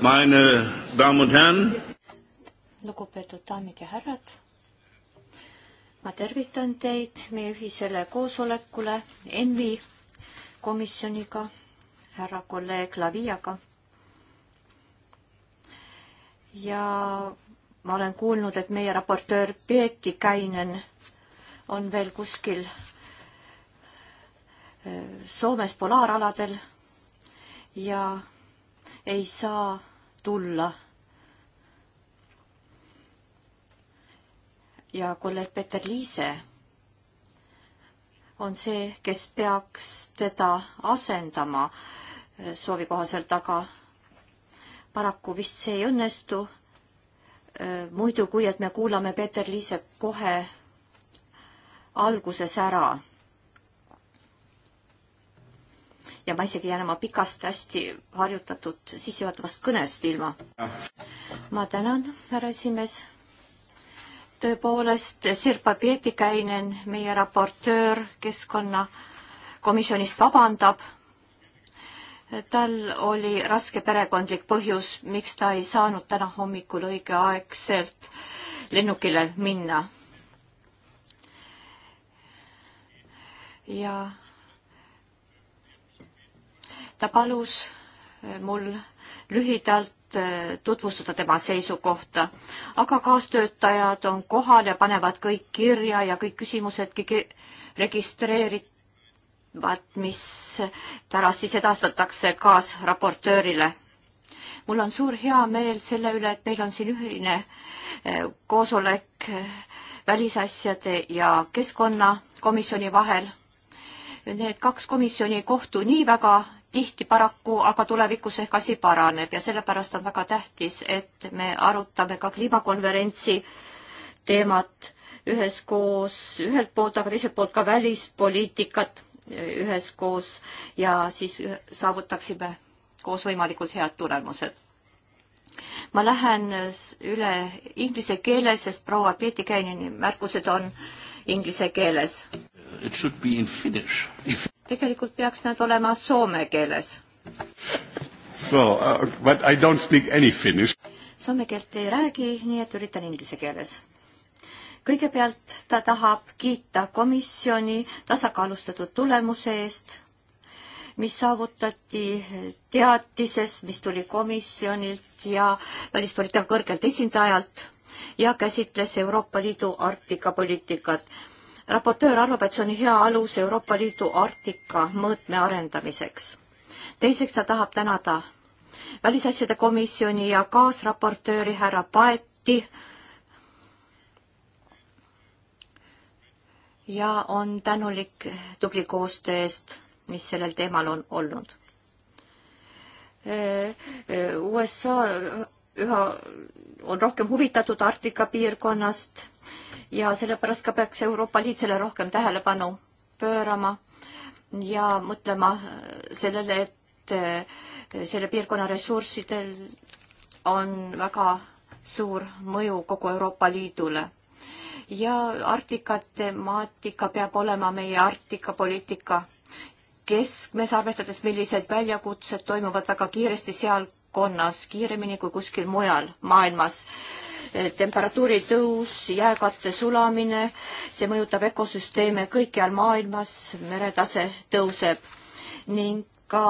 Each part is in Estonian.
meine Damen und Herren. lugupeetud daamid ja härrad, ma tervitan teid meie ühisele koosolekule ENVI komisjoniga, härra kolleeg Laviaga. ja ma olen kuulnud, et meie raportöör Peeti Käinen on veel kuskil äh, Soomes polaaraladel ja ei saa tulla. ja kolleeg Peeter Liise on see, kes peaks teda asendama soovi kohaselt, aga paraku vist see ei õnnestu. Äh, muidu, kui et me kuulame Peeter Liise kohe alguses ära ja ma isegi jään oma pikast hästi harjutatud sissejuhatavast kõnest ilma. ma tänan, härra esimees. tõepoolest, Sirpa Pietikäinen, meie raportöör keskkonnakomisjonist vabandab. tal oli raske perekondlik põhjus, miks ta ei saanud täna hommikul õigeaegselt lennukile minna. ja ta palus eh, mul lühidalt eh, tutvustada tema seisukohta. aga kaastöötajad on kohal ja panevad kõik kirja ja kõik küsimusedki registreerivad, mis pärast siis edastatakse kaasraportöörile. mul on suur heameel selle üle, et meil on siin ühine eh, koosolek välisasjade ja keskkonnakomisjoni vahel. Need kaks komisjoni ei kohtu nii väga tihti paraku, aga tulevikus ehk asi paraneb ja sellepärast on väga tähtis, et me arutame ka kliimakonverentsi teemat üheskoos, ühelt poolt, aga teiselt poolt ka välispoliitikat e, üheskoos ja siis saavutaksime koos võimalikult head tulemused. ma lähen üle inglise keele, sest proua Pietikäinini märkused on inglise keeles. It should be in finnish if tegelikult peaks nad olema soome keeles. So uh,, but I don't speak any finnish. Soome keelt ei räägi, nii et üritan inglise keeles. kõigepealt ta tahab kiita komisjoni tasakaalustatud tulemuse eest, mis saavutati teatisest, mis tuli komisjonilt ja välispoliitika kõrgelt esindajalt ja käsitles Euroopa Liidu Arktika poliitikat raportöör arvab, et see on hea alus Euroopa Liidu Arktika mõõtme arendamiseks. teiseks ta tahab tänada välisasjade komisjoni ja kaasraportööri härra Paeti ja on tänulik tubli koostöö eest, mis sellel teemal on olnud. E, USA üha on rohkem huvitatud Arktika piirkonnast ja sellepärast ka peaks Euroopa Liit selle rohkem tähelepanu pöörama ja mõtlema sellele, et eh, selle piirkonna ressurssidel on väga suur mõju kogu Euroopa Liidule. ja Arktika temaatika peab olema meie Arktika poliitika keskmes, arvestades, millised väljakutsed toimuvad väga kiiresti sealkonnas, kiiremini kui kuskil mujal maailmas temperatuuri tõus, jääkatte sulamine, see mõjutab ökosüsteeme kõikjal maailmas, meretase tõuseb ning ka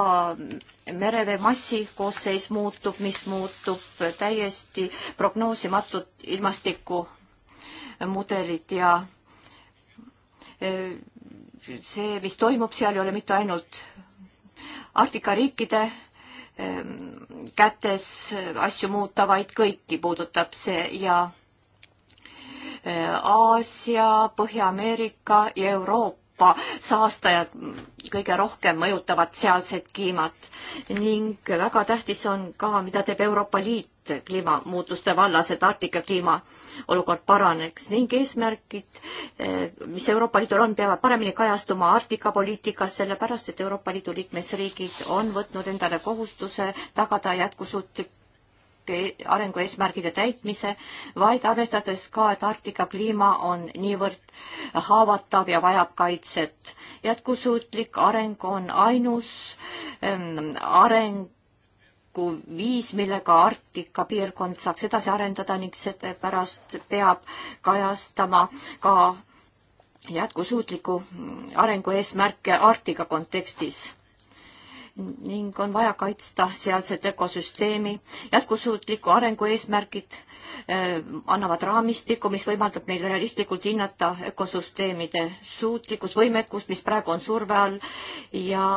merevee massikoosseis muutub, mis muutub täiesti prognoosimatud ilmastikumudelid ja e, see, mis toimub seal, ei ole mitte ainult Arktika riikide Ähm, kätes asju muuta, vaid kõiki puudutab see ja äh, Aasia, Põhja-Ameerika ja Euroopa Euroopa saastajad kõige rohkem mõjutavad sealset kliimat ning väga tähtis on ka, mida teeb Euroopa Liit kliimamuutuste vallas, et Arktika kliima olukord paraneks ning eesmärgid, eh, mis Euroopa Liidul on, peavad paremini kajastuma Arktika poliitikas, sellepärast et Euroopa Liidu liikmesriigid on võtnud endale kohustuse tagada jätkusuutlik arengu eesmärgide täitmise, vaid arvestades ka, et Arktika kliima on niivõrd haavatav ja vajab kaitset. jätkusuutlik areng on ainus ähm, arenguviis, millega Arktika piirkond saaks edasi arendada ning seepärast peab kajastama ka jätkusuutliku arengu eesmärke Arktika kontekstis ning on vaja kaitsta sealset ökosüsteemi. jätkusuutliku arengu eesmärgid äh, annavad raamistiku, mis võimaldab meil realistlikult hinnata ökosüsteemide suutlikkust, võimekust, mis praegu on surve all ja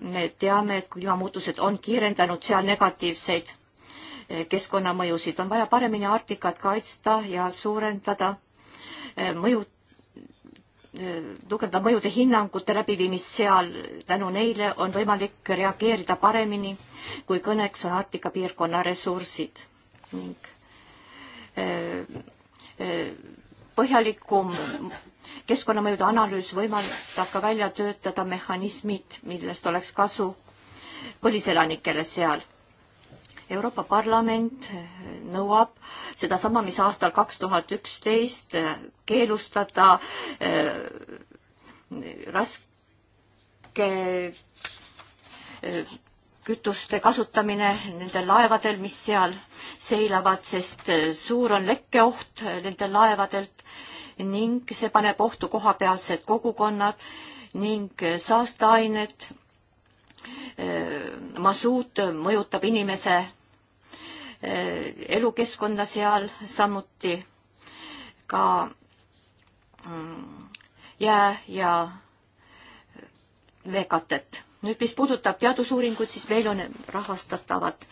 me teame, et kliimamuutused on kiirendanud seal negatiivseid äh, keskkonnamõjusid. on vaja paremini Arktikat kaitsta ja suurendada äh, mõjut-, tugevda mõjude hinnangute läbiviimist seal, tänu neile on võimalik reageerida paremini, kui kõneks on Arktika piirkonna ressursid ning äh, äh, põhjalikum keskkonnamõjude analüüs võimaldab ka välja töötada mehhanismid, millest oleks kasu põliselanikele seal Euroopa Parlament nõuab sedasama, mis aastal kaks tuhat üksteist keelustada äh, raske äh, kütuste kasutamine nendel laevadel, mis seal seilavad, sest äh, suur on lekkeoht nendel laevadelt ning see paneb ohtu kohapealsed kogukonnad ning saasteained Ehm, masuut mõjutab inimese eh, elukeskkonda seal, samuti ka mm, jää ja veekatet. nüüd, mis puudutab teadusuuringuid, siis meil on rahastatavad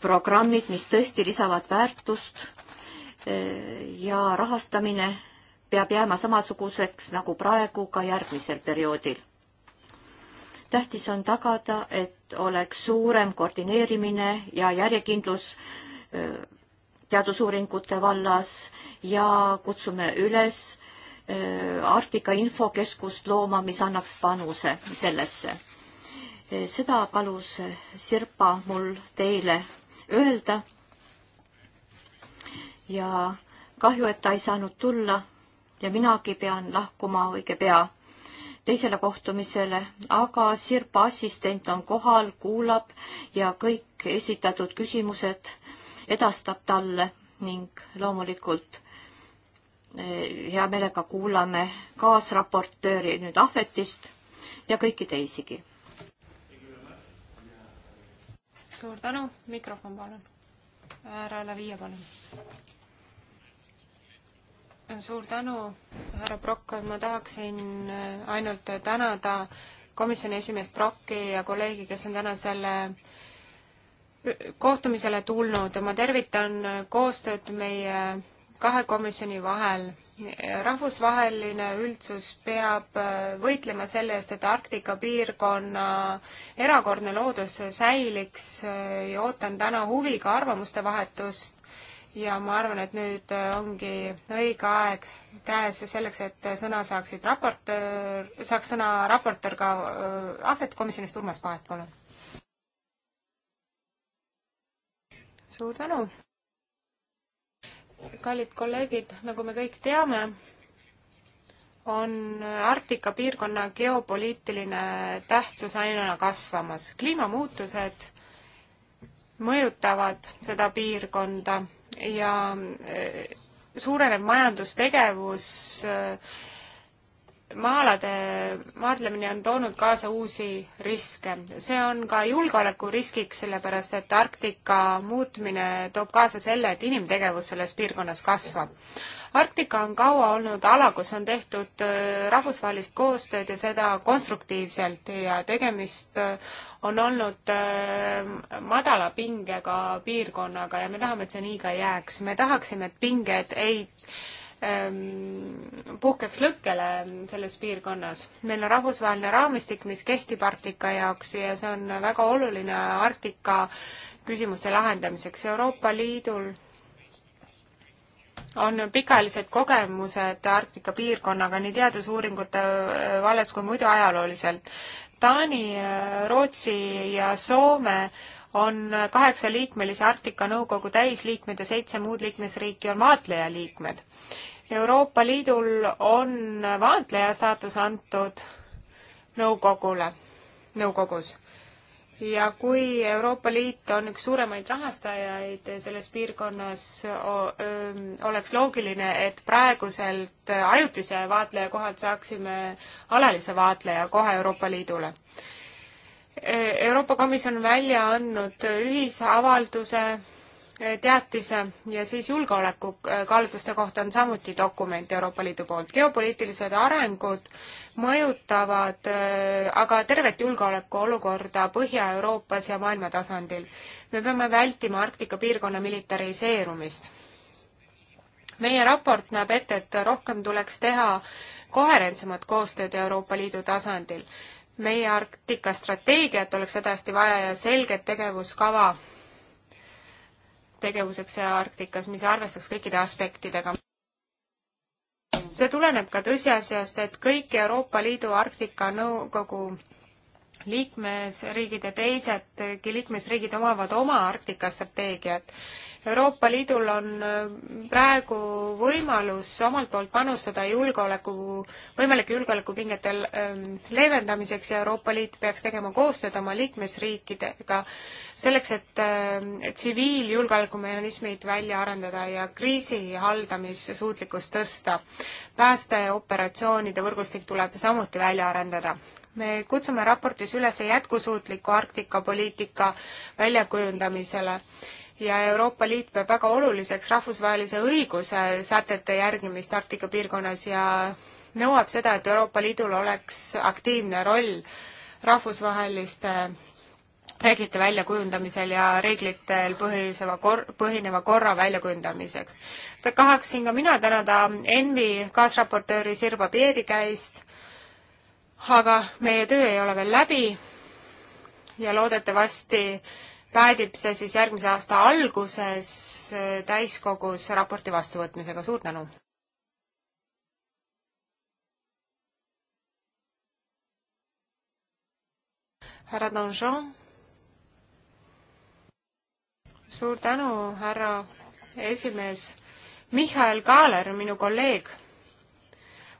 programmid, mis tõesti lisavad väärtust eh, ja rahastamine peab jääma samasuguseks nagu praegu ka järgmisel perioodil tähtis on tagada, et oleks suurem koordineerimine ja järjekindlus äh, teadusuuringute vallas ja kutsume üles äh, Arktika infokeskust looma, mis annaks panuse sellesse. Äh, seda palus Sirpa mul teile öelda. ja kahju, et ta ei saanud tulla ja minagi pean lahkuma õige pea teisele kohtumisele, aga Sirpa assistent on kohal, kuulab ja kõik esitatud küsimused edastab talle ning loomulikult eh, hea meelega kuulame kaasraportööri nüüd Ahvetist ja kõiki teisigi. suur tänu, mikrofon palun. härra Lavia, palun suur tänu, härra Prokk, ma tahaksin äh, ainult äh, tänada komisjoni esimeest Prokki ja kolleegi, kes on täna selle äh, kohtumisele tulnud. ma tervitan koostööd meie kahe komisjoni vahel. rahvusvaheline üldsus peab võitlema selle eest, et Arktika piirkonna erakordne loodus säiliks ja ootan täna huviga arvamuste vahetust ja ma arvan, et nüüd äh, ongi õige aeg käes selleks, et äh, sõna saaksid raportöör, saaks sõna raportöör ka äh, Ahvet komisjonist, Urmas Paet, palun. suur tänu. kallid kolleegid, nagu me kõik teame, on Arktika piirkonna geopoliitiline tähtsus aina kasvamas. kliimamuutused mõjutavad seda piirkonda ja eh, suureneb majandustegevus äh, maa-alade maadlemine on toonud kaasa uusi riske. see on ka julgeolekuriskiks, sellepärast et Arktika muutmine toob kaasa selle, et inimtegevus selles piirkonnas kasvab. Arktika on kaua olnud ala, kus on tehtud äh, rahvusvahelist koostööd ja seda konstruktiivselt ja tegemist äh, on olnud äh, madala pingega piirkonnaga ja me tahame, et see nii ka jääks. me tahaksime, et pinged ei Ähm, puhkeks lõkkele selles piirkonnas. meil on rahvusvaheline raamistik, mis kehtib Arktika jaoks ja see on väga oluline Arktika küsimuste lahendamiseks. Euroopa Liidul on pikaajalised kogemused Arktika piirkonnaga nii teadusuuringute äh, vallas kui muidu ajalooliselt. Taani, äh, Rootsi ja Soome on kaheksaliikmelise Arktika Nõukogu täisliikmed ja seitse muud liikmesriiki on vaatlejaliikmed. Euroopa Liidul on vaatleja staatus antud nõukogule, nõukogus. ja kui Euroopa Liit on üks suuremaid rahastajaid selles piirkonnas, oleks loogiline, et praeguselt ajutise vaatleja kohalt saaksime alalise vaatleja koha Euroopa Liidule Euroopa Komisjon on välja andnud ühisavalduse teatise ja siis julgeolekukaalutluste äh, kohta on samuti dokument Euroopa Liidu poolt. geopoliitilised arengud mõjutavad äh, aga tervet julgeolekuolukorda Põhja-Euroopas ja maailma tasandil. me peame vältima Arktika piirkonna militariseerumist. meie raport näeb ette, et rohkem tuleks teha koherentsemat koostööd Euroopa Liidu tasandil. meie Arktika strateegiat oleks hädasti vaja ja selget tegevuskava tegevuseks Arktikas, mis arvestaks kõikide aspektidega. see tuleneb ka tõsiasjast, et kõik Euroopa Liidu Arktika Nõukogu no liikmesriigid ja teisedki liikmesriigid omavad oma Arktika strateegiat. Euroopa Liidul on äh, praegu võimalus omalt poolt panustada julgeoleku, võimalike julgeolekupingete ähm, leevendamiseks ja Euroopa Liit peaks tegema koostööd oma liikmesriikidega selleks, et äh, tsiviiljulgeolekumehhanismid välja arendada ja kriisi haldamissuutlikkust tõsta. päästeoperatsioonide võrgustik tuleb samuti välja arendada me kutsume raportis üles jätkusuutliku Arktika poliitika väljakujundamisele ja Euroopa Liit peab väga oluliseks rahvusvahelise õiguse sätete järgimist Arktika piirkonnas ja nõuab seda, et Euroopa Liidul oleks aktiivne roll rahvusvaheliste reeglite väljakujundamisel ja reeglitel põhiseva kor-, põhineva korra väljakujundamiseks. tahaksin ka mina tänada ENVI kaasraportööri Sirba Pierikäist aga meie töö ei ole veel läbi ja loodetavasti päädib see siis järgmise aasta alguses äh, täiskogus raporti vastuvõtmisega, suur tänu! härra Donjon. suur tänu, härra esimees. Mihhail Kaaler, minu kolleeg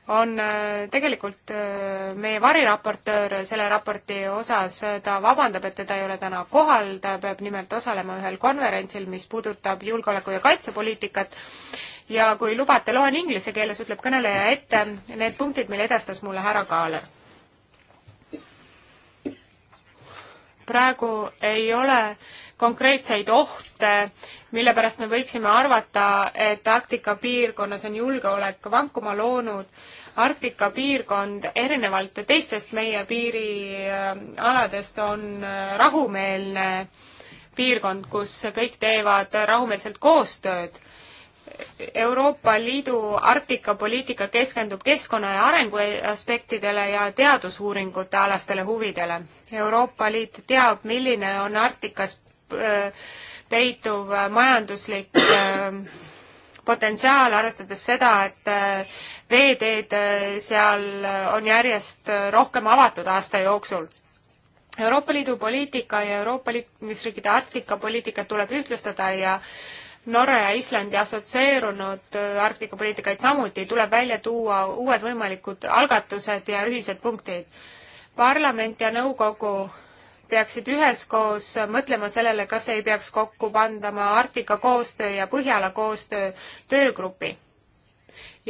on äh, tegelikult äh, meie variraportöör selle raporti osas, äh, ta vabandab, et teda ei ole täna kohal, ta peab nimelt osalema ühel konverentsil, mis puudutab julgeoleku- ja kaitsepoliitikat, ja kui lubate, loen inglise keeles, ütleb kõneleja ette need punktid, mille edastas mulle härra Kaaler. praegu ei ole äh, konkreetseid ohte, mille pärast me võiksime arvata, et Arktika piirkonnas on julgeolek vankuma loonud. Arktika piirkond erinevalt teistest meie piirialadest on äh, rahumeelne piirkond, kus kõik teevad rahumeelselt koostööd Euroopa Liidu Arktika poliitika keskendub keskkonna ja arengu aspektidele ja teadusuuringute alastele huvidele. Euroopa Liit teab, milline on Arktikas peituv majanduslik äh, potentsiaal, arvestades seda, et äh, veeteed äh, seal on järjest rohkem avatud aasta jooksul. Euroopa Liidu poliitika ja Euroopa liikmesriikide Arktika poliitikat tuleb ühtlustada ja Norra ja Islandi assotsieerunud Arktika poliitikaid samuti, tuleb välja tuua uued võimalikud algatused ja ühised punktid. parlament ja nõukogu peaksid üheskoos mõtlema sellele, kas ei peaks kokku pandama Arktika koostöö ja Põhjala koostöö töögrupi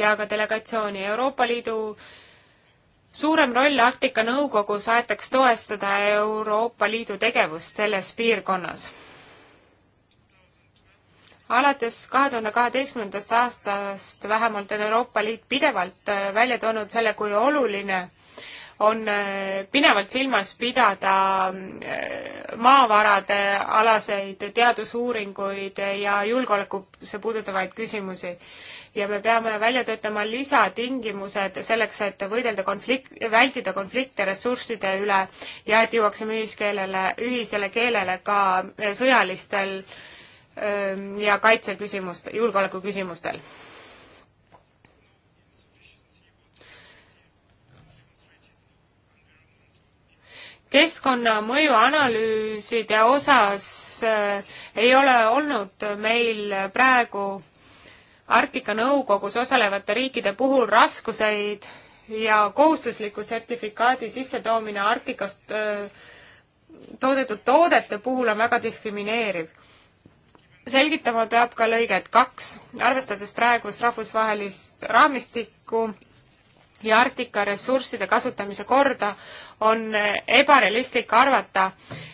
ja ka delegatsiooni Euroopa Liidu suurem roll Arktika Nõukogus aetaks toestada Euroopa Liidu tegevust selles piirkonnas. alates kahe tuhande kaheteistkümnendast aastast vähemalt on Euroopa Liit pidevalt välja toonud selle, kui oluline on äh, pinevalt silmas pidada äh, maavarade alaseid teadusuuringuid ja julgeolekusse puudutavaid küsimusi. ja me peame välja töötama lisatingimused selleks, et võidelda konflikt, vältida konflikte ressursside üle ja et jõuaksime ühiskeelele, ühisele keelele ka äh, sõjalistel ähm, ja kaitseküsimust, julgeolekuküsimustel keskkonnamõju analüüside osas äh, ei ole olnud meil praegu Arktika Nõukogus osalevate riikide puhul raskuseid ja kohustusliku sertifikaadi sissetoomine Arktikast äh, toodetud toodete puhul on väga diskrimineeriv. selgitama peab ka lõiget kaks, arvestades praegust rahvusvahelist raamistikku ja Arktika ressursside kasutamise korda, on ebarealistlik arvata,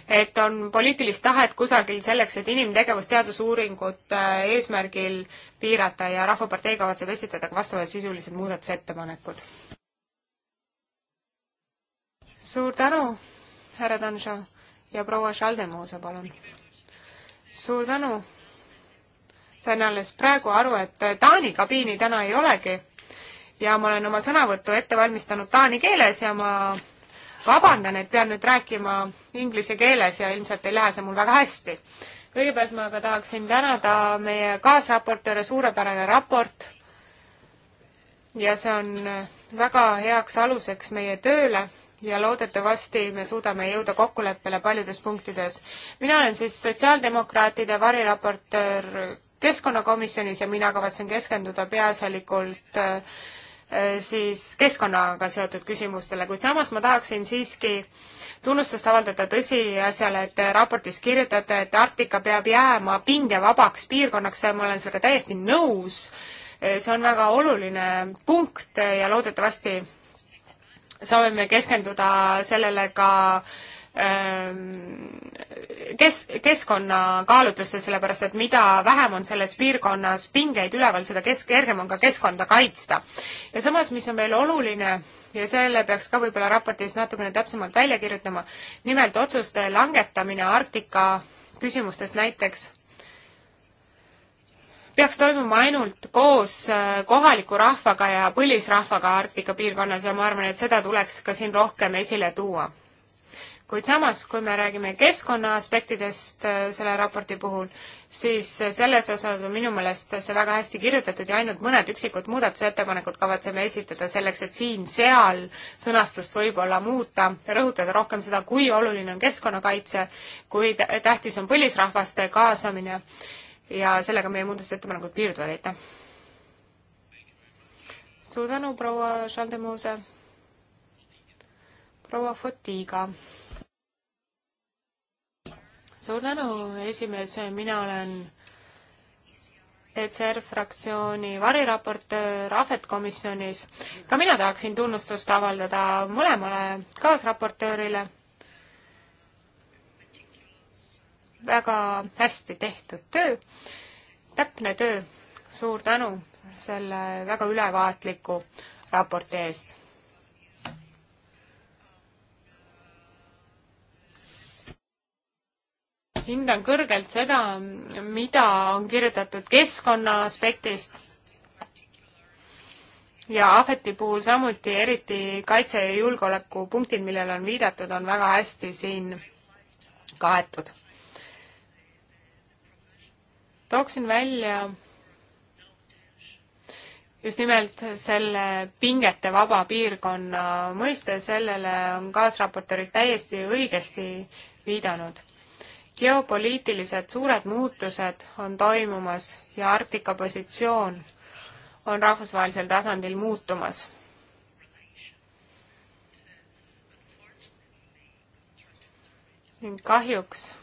et on poliitilist tahet kusagil selleks, et inimtegevust teadusuuringut äh, eesmärgil piirata ja Rahvapartei kavatseb esitada ka vastavad sisulised muudatusettepanekud. suur tänu, härra Danša ja proua Šaldemuse, palun. suur tänu. sain alles praegu aru, et Taani kabiini täna ei olegi ja ma olen oma sõnavõttu ette valmistanud taani keeles ja ma vabandan, et pean nüüd rääkima inglise keeles ja ilmselt ei lähe see mul väga hästi. kõigepealt ma aga tahaksin tänada meie kaasraportööre, suurepärane raport ja see on väga heaks aluseks meie tööle ja loodetavasti me suudame jõuda kokkuleppele paljudes punktides. mina olen siis sotsiaaldemokraatide variraportöör keskkonnakomisjonis ja mina kavatsen keskenduda peaasjalikult äh, Äh, siis keskkonnaga seotud küsimustele, kuid samas ma tahaksin siiski tunnustust avaldada tõsiasjale, et raportis kirjutate, et Arktika peab jääma pingevabaks piirkonnaks ja ma olen sellega täiesti nõus. Äh, see on väga oluline punkt ja loodetavasti saame me keskenduda sellele ka äh, Ehm, kes, keskkonnakaalutlustel, sellepärast et mida vähem on selles piirkonnas pingeid üleval, seda kes-, kergem on ka keskkonda kaitsta. ja samas, mis on veel oluline ja selle peaks ka võib-olla raportis natukene täpsemalt välja kirjutama, nimelt otsuste langetamine Arktika küsimustes näiteks peaks toimuma ainult koos äh, kohaliku rahvaga ja põlisrahvaga Arktika piirkonnas ja ma arvan, et seda tuleks ka siin rohkem esile tuua kuid samas, kui me räägime keskkonna aspektidest äh, selle raporti puhul, siis äh, selles osas on minu meelest see väga hästi kirjutatud ja ainult mõned üksikud muudatusettepanekud kavatseme esitada selleks, et siin-seal sõnastust võib-olla muuta, rõhutada rohkem seda, kui oluline on keskkonnakaitse, kui tähtis on põlisrahvaste kaasamine ja sellega meie muudatusettepanekud piirduvad, aitäh! suur tänu, proua Šaldemuse! proua Fotiga! suur tänu, esimees, mina olen ECR fraktsiooni variraportöör Ahvet komisjonis. ka mina tahaksin tunnustust avaldada mõlemale kaasraportöörile. väga hästi tehtud töö, täpne töö. suur tänu selle väga ülevaatliku raporti eest hindan kõrgelt seda, mida on kirjutatud keskkonna aspektist ja Ahveti puhul samuti, eriti kaitse- ja julgeolekupunktid, millele on viidatud, on väga hästi siin kaetud. tooksin välja just nimelt selle pingete vaba piirkonna mõiste, sellele on kaasraportöörid täiesti õigesti viidanud geopoliitilised suured muutused on toimumas ja Arktika positsioon on rahvusvahelisel tasandil muutumas. ning kahjuks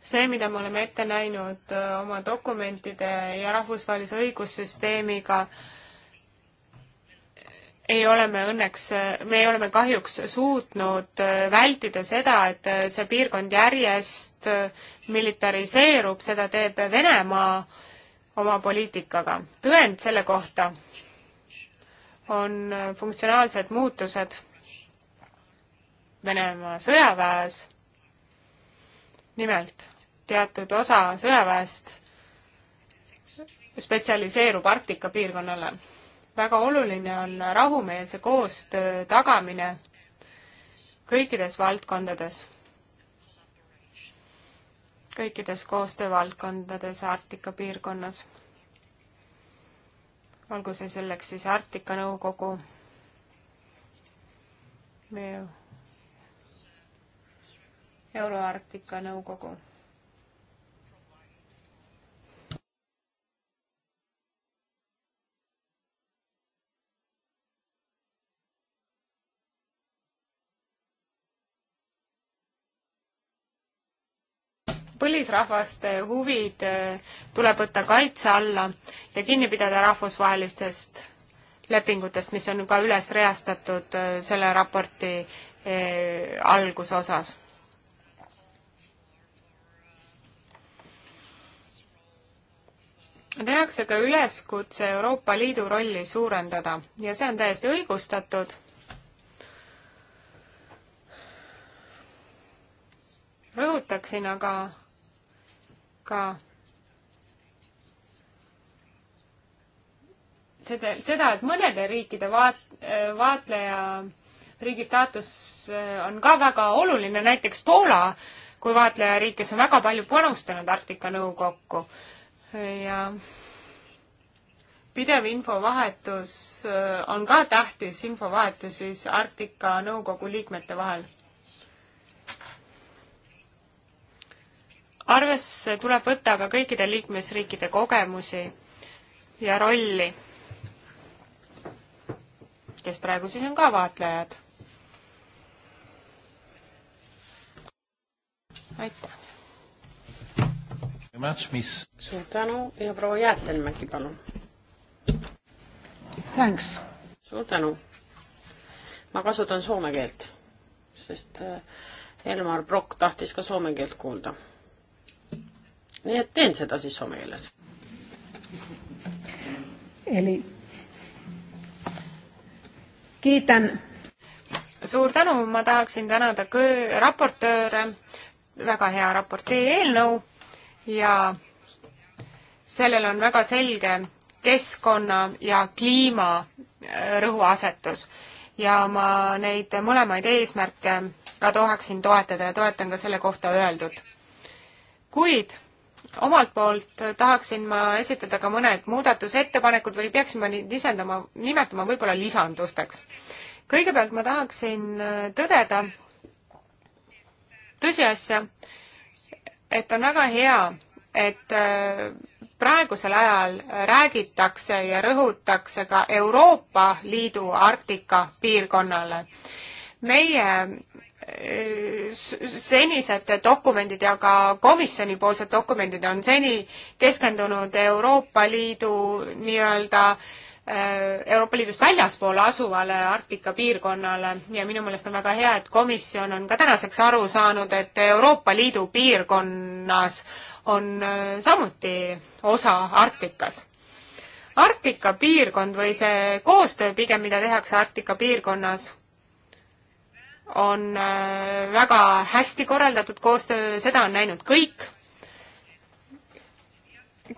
see, mida me oleme ette näinud äh, oma dokumentide ja rahvusvahelise õigussüsteemiga, ei ole me õnneks, me oleme kahjuks suutnud äh, vältida seda, et äh, see piirkond järjest äh, militariseerub, seda teeb Venemaa oma poliitikaga. tõend selle kohta on funktsionaalsed muutused Venemaa sõjaväes. nimelt, teatud osa sõjaväest spetsialiseerub Arktika piirkonnale väga oluline on rahumeelse koostöö tagamine kõikides valdkondades, kõikides koostöövaldkondades Arktika piirkonnas. olgu see selleks siis Arktika Nõukogu või Euroarktika Nõukogu põlisrahvaste huvid eh, tuleb võtta kaitse alla ja kinni pidada rahvusvahelistest lepingutest, mis on ka üles reastatud eh, selle raporti eh, algusosas. tehakse ka üleskutse Euroopa Liidu rolli suurendada ja see on täiesti õigustatud rõhutaksin aga ka seda, seda, et mõnede riikide vaat-, vaatleja riigi staatus äh, on ka väga oluline, näiteks Poola kui vaatlejariik, kes on väga palju panustanud Arktika Nõukokku ja pidev infovahetus äh, on ka tähtis, infovahetus siis Arktika Nõukogu liikmete vahel. arvesse tuleb võtta ka kõikide liikmesriikide kogemusi ja rolli, kes praegu siis on ka vaatlejad. aitäh! suur tänu ja proua Jäätelmägi, palun! Thanks! suur tänu! ma kasutan soome keelt, sest äh, Elmar Brokk tahtis ka soome keelt kuulda nii et teen seda siis soome keeles. Eli kiitän. suur tänu, ma tahaksin tänada kõõ-, raportööre, väga hea raporti eelnõu ja sellel on väga selge keskkonna ja kliima äh, rõhuasetus. ja ma neid mõlemaid eesmärke ka tahaksin toetada ja toetan ka selle kohta öeldud. kuid omalt poolt tahaksin ma esitada ka mõned muudatusettepanekud või peaksime neid lisandama, nimetama võib-olla lisandusteks. kõigepealt ma tahaksin äh, tõdeda tõsiasja, et on väga hea, et äh, praegusel ajal räägitakse ja rõhutakse ka Euroopa Liidu Arktika piirkonnale. meie senised dokumendid ja ka komisjonipoolsed dokumendid on seni keskendunud Euroopa Liidu nii-öelda äh, Euroopa Liidust väljaspool asuvale Arktika piirkonnale ja minu meelest on väga hea, et komisjon on ka tänaseks aru saanud, et Euroopa Liidu piirkonnas on äh, samuti osa Arktikas. Arktika piirkond või see koostöö pigem, mida tehakse Arktika piirkonnas on äh, väga hästi korraldatud koostöö, seda on näinud kõik,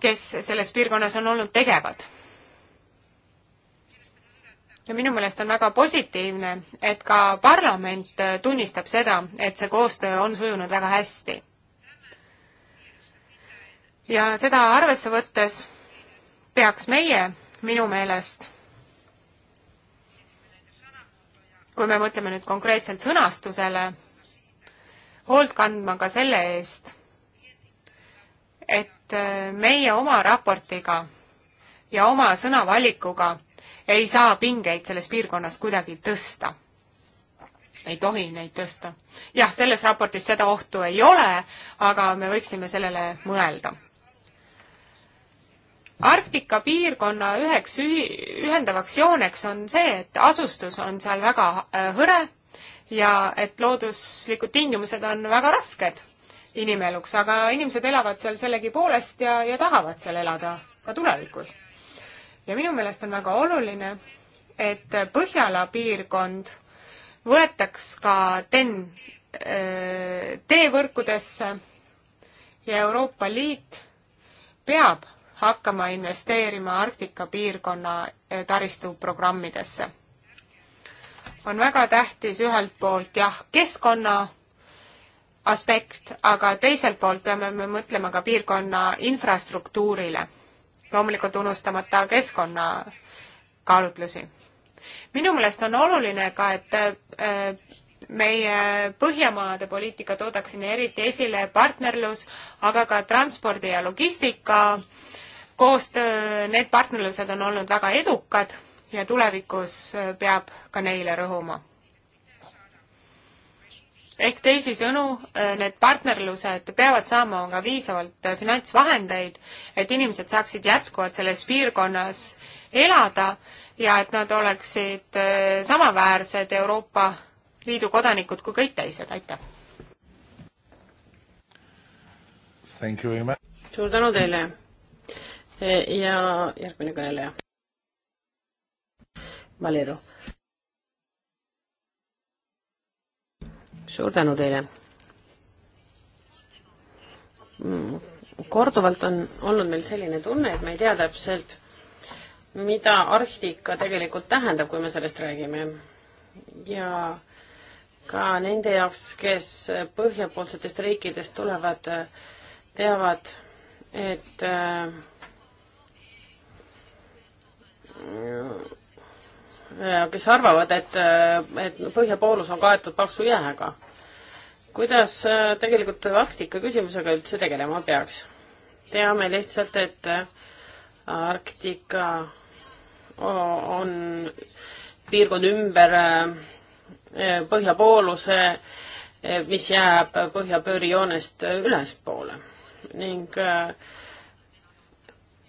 kes selles piirkonnas on olnud tegevad. ja minu meelest on väga positiivne, et ka parlament tunnistab seda, et see koostöö on sujunud väga hästi. ja seda arvesse võttes peaks meie minu meelest kui me mõtleme nüüd konkreetselt sõnastusele, hoolt kandma ka selle eest, et äh, meie oma raportiga ja oma sõnavalikuga ei saa pingeid selles piirkonnas kuidagi tõsta. ei tohi neid tõsta. jah, selles raportis seda ohtu ei ole, aga me võiksime sellele mõelda Arktika piirkonna üheks ühi-, ühendavaks jooneks on see, et asustus on seal väga äh, hõre ja et looduslikud tingimused on väga rasked inimeluks, aga inimesed elavad seal sellegipoolest ja, ja tahavad seal elada ka tulevikus. ja minu meelest on väga oluline, et Põhjala piirkond võetaks ka TEN, äh, teevõrkudesse ja Euroopa Liit peab hakkama investeerima Arktika piirkonna eh, taristuprogrammidesse. on väga tähtis ühelt poolt jah, keskkonna aspekt, aga teiselt poolt peame me mõtlema ka piirkonna infrastruktuurile, loomulikult unustamata keskkonna kaalutlusi. minu meelest on oluline ka, et eh, meie Põhjamaade poliitika toodaksin eriti esile partnerlus, aga ka transpordi ja logistika äh, koostöö, need partnerlused on olnud väga edukad ja tulevikus peab ka neile rõhuma. ehk teisisõnu, need partnerlused peavad saama ka piisavalt finantsvahendeid, et inimesed saaksid jätkuvalt selles piirkonnas elada ja et nad oleksid eh, samaväärsed Euroopa Liidu kodanikud kui kõik teised, aitäh! suur tänu teile! ja järgmine kõneleja. Valedo. suur tänu teile. korduvalt on olnud meil selline tunne, et me ei tea täpselt, mida Arktika tegelikult tähendab, kui me sellest räägime. ja ka nende jaoks, kes põhjapoolsetest riikidest tulevad, teavad, et äh, kes arvavad, et, et põhjapoolus on kaetud paksu jääga. kuidas äh, tegelikult Arktika küsimusega üldse tegelema peaks? teame lihtsalt, et äh, Arktika on piirkond ümber äh, põhjapooluse, mis jääb põhjapöörijoonest ülespoole ning äh,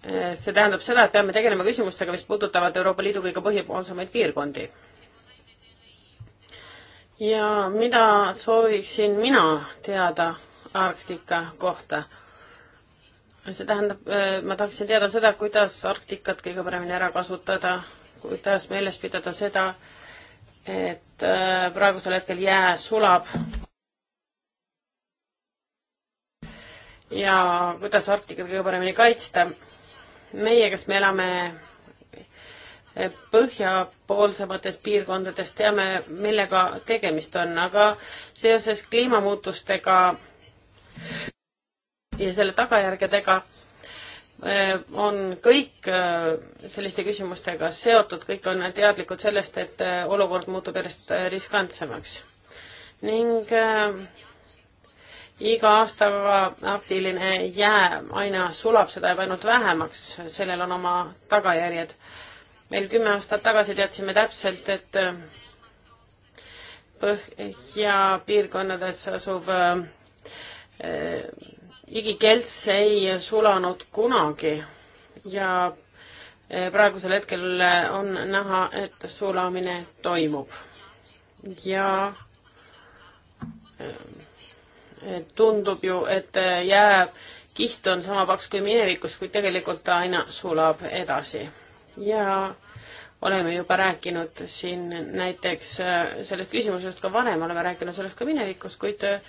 Äh, see tähendab seda, et peame tegelema küsimustega, mis puudutavad Euroopa Liidu kõige põhipoolsemaid piirkondi. ja mida sooviksin mina teada Arktika kohta? see tähendab, äh, ma tahaksin teada seda, kuidas Arktikat kõige paremini ära kasutada, kuidas meeles pidada seda, et äh, praegusel hetkel jää sulab ja kuidas Arktika kõige paremini kaitsta meie, kes me elame põhjapoolsemates piirkondades, teame, millega tegemist on, aga seoses kliimamuutustega ja selle tagajärgedega eh, on kõik eh, selliste küsimustega seotud, kõik on teadlikud sellest, et eh, olukord muutub järjest riskantsemaks. ning iga aastaga aktiiline jää aina sulab, seda jääb ainult vähemaks, sellel on oma tagajärjed. meil kümme aastat tagasi teadsime täpselt, et äh, põhjapiirkonnades asuv äh, igikelts ei sulanud kunagi ja äh, praegusel hetkel on näha, et sulamine toimub ja äh, tundub ju, et äh, jääb, kiht on sama paks kui minevikus, kuid tegelikult ta aina sulab edasi. ja oleme juba rääkinud siin näiteks äh, sellest küsimusest ka varem, oleme rääkinud sellest ka minevikus, kuid äh,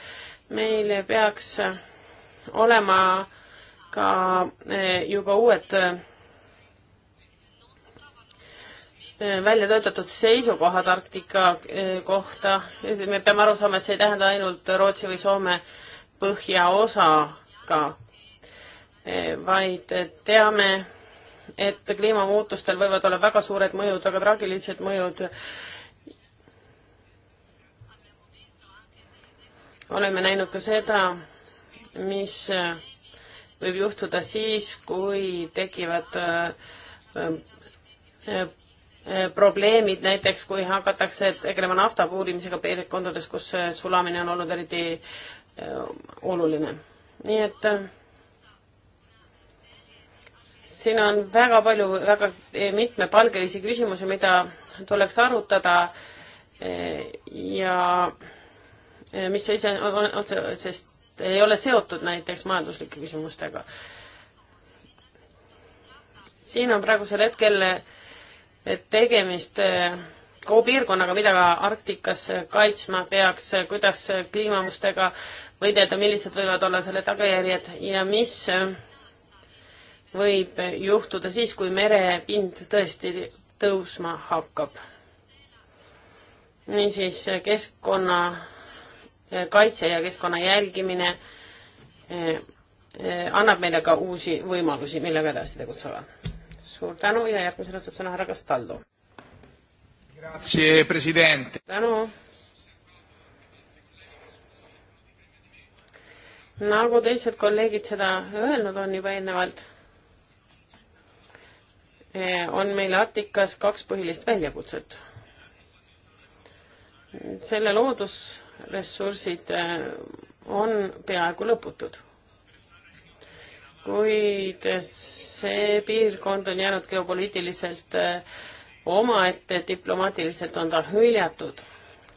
meil peaks olema ka juba uued Äh, välja töötatud seisukohad Arktika äh, kohta. me peame aru saama, et see ei tähenda ainult Rootsi või Soome põhjaosaga, äh, vaid teame, et kliimamuutustel võivad olla väga suured mõjud, väga traagilised mõjud. oleme näinud ka seda, mis võib juhtuda siis, kui tekivad Äh, probleemid, näiteks kui hakatakse tegelema nafta puurimisega piirkondades, kus äh, sulamine on olnud eriti äh, oluline. nii et siin on väga palju väga mitmepalgelisi küsimusi, mida tuleks arutada ja mis ise otsesest ei ole seotud näiteks majanduslike küsimustega. siin on praegusel hetkel äh, et tegemist äh, kogu piirkonnaga, mida ka Arktikas äh, kaitsma peaks, äh, kuidas kliimamustega võidelda, millised võivad olla selle tagajärjed ja mis võib juhtuda siis, kui merepind tõesti tõusma hakkab. niisiis keskkonnakaitse ja keskkonna jälgimine annab meile ka uusi võimalusi, millega edasi tegutseda suur tänu ja järgmisena saab sõna härra Castaldo. tänu. nagu teised kolleegid seda öelnud on juba eelnevalt, eh, on meil Attikas kaks põhilist väljakutset. selle loodusressursid eh, on peaaegu lõputud kuid see piirkond on jäänud geopoliitiliselt eh, omaette, diplomaatiliselt on ta hüljatud.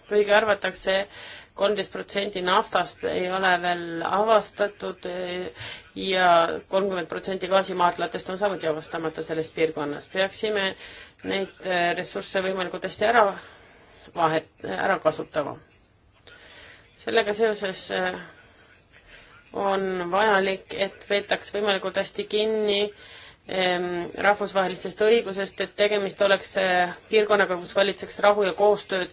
kuigi arvatakse, kolmteist protsenti naftast ei ole veel avastatud eh, ja kolmkümmend protsenti gaasimaadlatest on samuti avastamata selles piirkonnas. peaksime neid eh, ressursse võimalikult hästi ära vahet, ära kasutama. sellega seoses on vajalik, et peetaks võimalikult hästi kinni ehm, rahvusvahelisest õigusest, et tegemist oleks eh, piirkonnaga, kus valitseks rahu ja koostööd,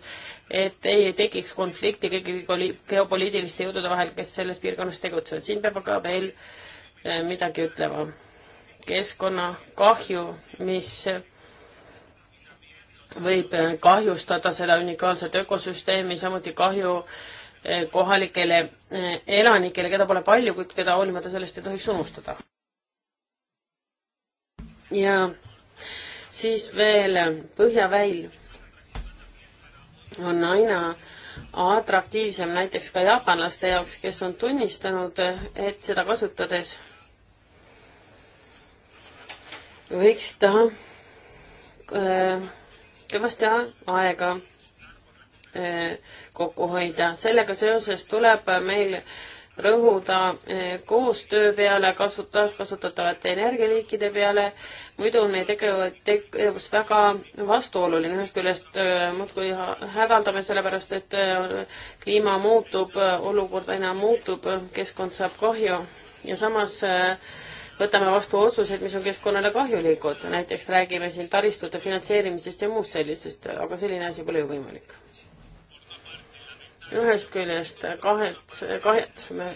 et ei tekiks konflikti kõigi geopoliitiliste jõudude vahel, kes selles piirkonnas tegutsevad. siin peab aga veel eh, midagi ütlema. keskkonnakahju, mis võib eh, kahjustada seda unikaalset ökosüsteemi, samuti kahju äh, Eh, kohalikele eh, elanikele, keda pole palju, kuid keda hoolimata sellest ei tohiks unustada. ja siis veel eh, Põhjaväil on aina atraktiivsem näiteks ka jaapanlaste jaoks, kes on tunnistanud, et seda kasutades võiks ta kõvasti aega Äh, kokku hoida. sellega seoses tuleb meil rõhuda äh, koostöö peale, kasut-, taaskasutatavate energialiikide peale, muidu on meie tegev-, tegevus väga vastuoluline, ühest küljest äh, muudkui hädaldame, sellepärast et kliima muutub, olukord aina muutub, keskkond saab kahju ja samas võtame vastu otsuseid, mis on keskkonnale kahjulikud, näiteks räägime siin taristute finantseerimisest ja muust sellisest, aga selline asi pole ju võimalik ühest küljest kahet, kahetseme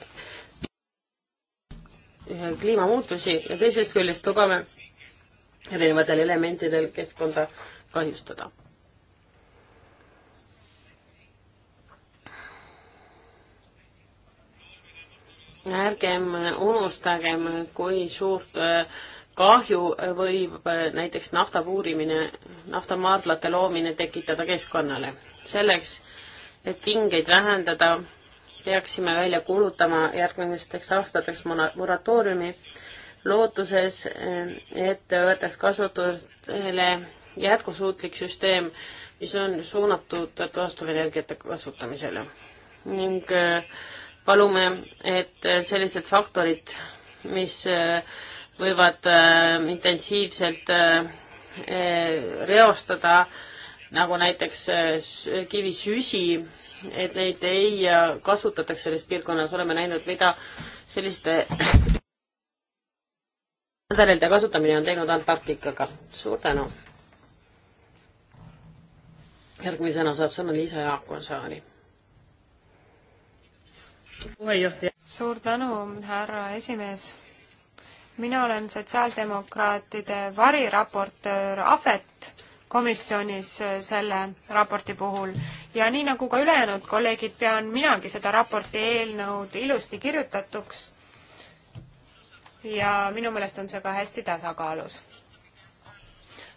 kliimamuutusi ja teisest küljest lubame erinevatel elementidel keskkonda kahjustada. ärgem unustagem, kui suurt äh, kahju võib äh, näiteks nafta puurimine, naftamaardlate loomine tekitada keskkonnale. selleks et pingeid vähendada, peaksime välja kuulutama järgmisteks aastateks moratooriumi lootuses, et võetaks kasutusele jätkusuutlik süsteem, mis on suunatud taastuvenergiate kasutamisele. ning palume, et sellised faktorid, mis võivad äh, intensiivselt äh, reostada äh, nagu näiteks äh, kivisüsi, et neid ei äh, kasutataks selles piirkonnas, oleme näinud, mida selliste materjalide kasutamine on teinud Antarktikaga. suur tänu! järgmisena saab sõna Liisa Jaakonsaari. suur tänu, härra esimees! mina olen sotsiaaldemokraatide variraportöör Ahvet komisjonis äh, selle raporti puhul. ja nii nagu ka ülejäänud kolleegid, pean minagi seda raporti eelnõud ilusti kirjutatuks ja minu meelest on see ka hästi tasakaalus.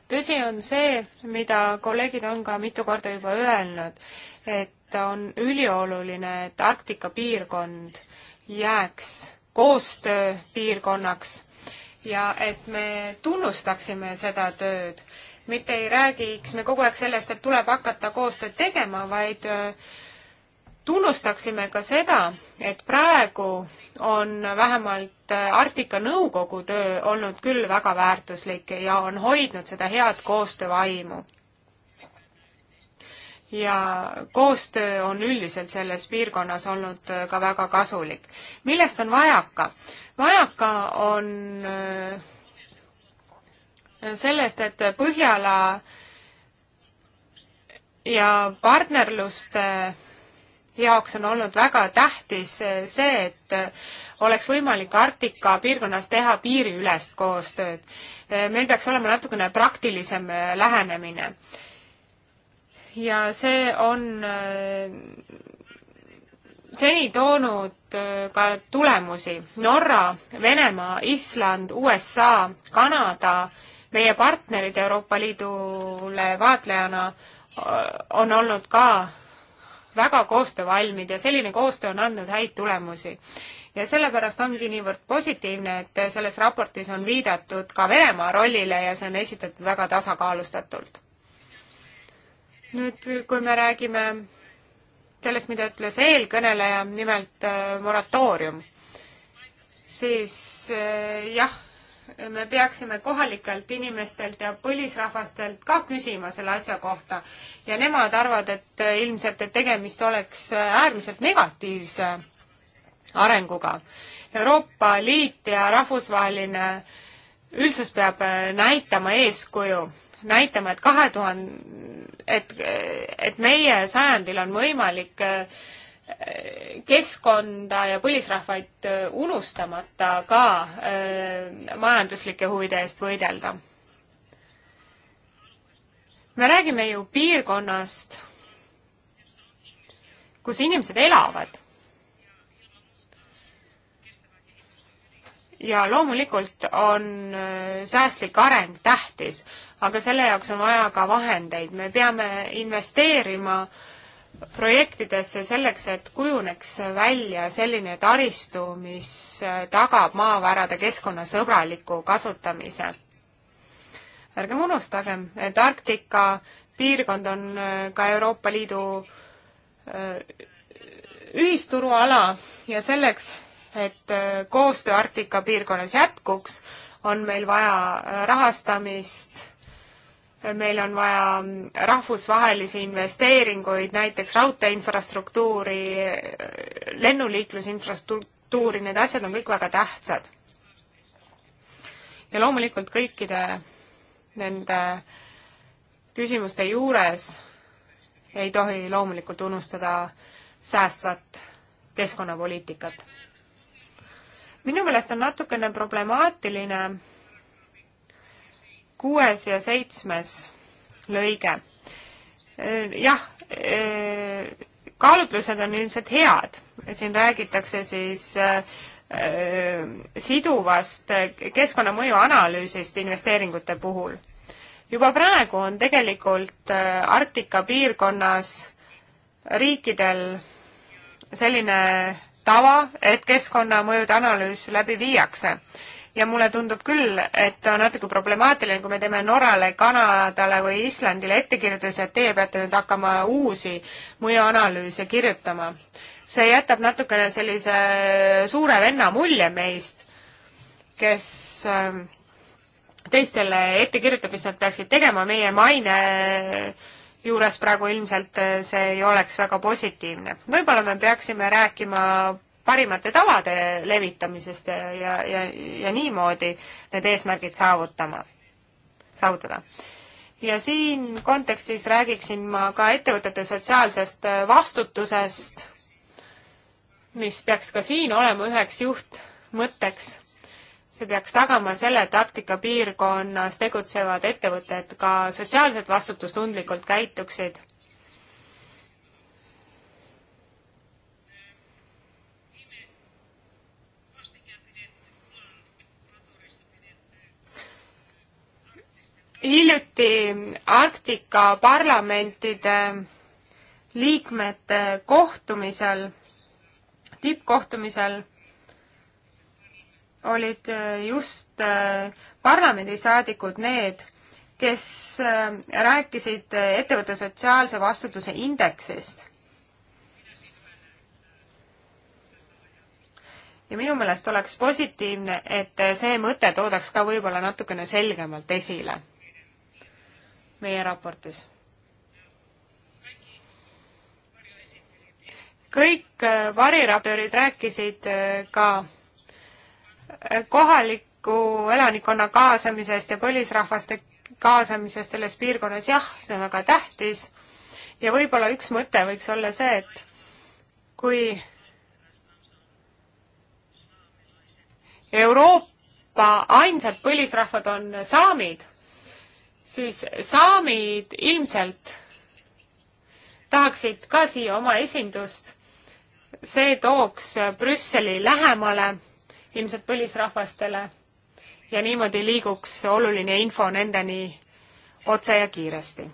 tõsi on see, mida kolleegid on ka mitu korda juba öelnud, et on ülioluline, et Arktika piirkond jääks koostööpiirkonnaks ja et me tunnustaksime seda tööd mitte ei räägiks me kogu aeg sellest, et tuleb hakata koostööd tegema, vaid äh, tunnustaksime ka seda, et praegu on vähemalt äh, Arktika Nõukogu töö olnud küll väga väärtuslik ja on hoidnud seda head koostöövaimu. ja koostöö on üldiselt selles piirkonnas olnud äh, ka väga kasulik. millest on vajaka? vajaka on äh, sellest, et Põhjala ja partnerluste jaoks on olnud väga tähtis see, et oleks võimalik Arktika piirkonnas teha piiriülest koostööd. meil peaks olema natukene praktilisem lähenemine. ja see on seni toonud ka tulemusi. Norra, Venemaa, Island, USA, Kanada meie partnerid Euroopa Liidule vaatlejana äh, on olnud ka väga koostöövalmid ja selline koostöö on andnud häid tulemusi. ja sellepärast ongi niivõrd positiivne, et selles raportis on viidatud ka Venemaa rollile ja see on esitatud väga tasakaalustatult. nüüd, kui me räägime sellest, mida ütles eelkõneleja, nimelt äh, moratoorium, siis äh, jah, me peaksime kohalikelt inimestelt ja põlisrahvastelt ka küsima selle asja kohta. ja nemad arvavad, et äh, ilmselt, et tegemist oleks äh, äärmiselt negatiivse arenguga. Euroopa Liit ja rahvusvaheline üldsus peab äh, näitama eeskuju, näitama, et kahe tuhande, et, et meie sajandil on võimalik äh, keskkonda ja põlisrahvaid äh, unustamata ka äh, majanduslike huvide eest võidelda. me räägime ju piirkonnast, kus inimesed elavad. ja loomulikult on äh, säästlik areng tähtis, aga selle jaoks on vaja ka vahendeid, me peame investeerima äh, projektidesse selleks, et kujuneks välja selline taristu, mis tagab maavarade keskkonnasõbraliku kasutamise. ärgem unustagem, et Arktika piirkond on äh, ka Euroopa Liidu äh, ühisturuala ja selleks, et äh, koostöö Arktika piirkonnas jätkuks, on meil vaja rahastamist meil on vaja rahvusvahelisi investeeringuid, näiteks raudteeinfrastruktuuri, lennuliiklusinfrastruktuuri, need asjad on kõik väga tähtsad. ja loomulikult kõikide nende küsimuste juures ei tohi loomulikult unustada säästvat keskkonnapoliitikat. minu meelest on natukene problemaatiline kuues ja seitsmes lõige. jah, kaalutlused on ilmselt head, siin räägitakse siis siduvast keskkonnamõju analüüsist investeeringute puhul. juba praegu on tegelikult Arktika piirkonnas riikidel selline tava, et keskkonnamõjude analüüs läbi viiakse ja mulle tundub küll, et on natuke problemaatiline, kui me teeme Norrale, Kanadale või Islandile ettekirjutuse, et teie peate nüüd hakkama uusi mõjuanalüüse kirjutama. see jätab natukene sellise suure venna mulje meist, kes ähm, teistele ette kirjutab, mis nad peaksid tegema, meie maine juures praegu ilmselt äh, see ei oleks väga positiivne. võib-olla me peaksime rääkima parimate tavade levitamisest ja, ja, ja, ja niimoodi need eesmärgid saavutama, saavutada. ja siin kontekstis räägiksin ma ka ettevõtete sotsiaalsest äh, vastutusest, mis peaks ka siin olema üheks juhtmõtteks see peaks tagama selle, et Arktika piirkonnas tegutsevad ettevõtted ka sotsiaalselt vastutustundlikult käituksid. hiljuti Arktika parlamentide liikmete kohtumisel, tippkohtumisel olid äh, just äh, parlamendisaadikud need, kes äh, rääkisid ettevõtte sotsiaalse vastutuse indeksist. ja minu meelest oleks positiivne, et see mõte toodaks ka võib-olla natukene selgemalt esile meie raportis. kõik äh, variraportöörid rääkisid äh, ka äh, kohaliku elanikkonna kaasamisest ja põlisrahvaste kaasamisest selles piirkonnas, jah, see on väga tähtis ja võib-olla üks mõte võiks olla see, et kui Euroopa ainsad põlisrahvad on saamid siis saamid ilmselt tahaksid ka siia oma esindust. see tooks Brüsseli lähemale ilmselt põlisrahvastele ja niimoodi liiguks oluline info nendeni otse ja kiiresti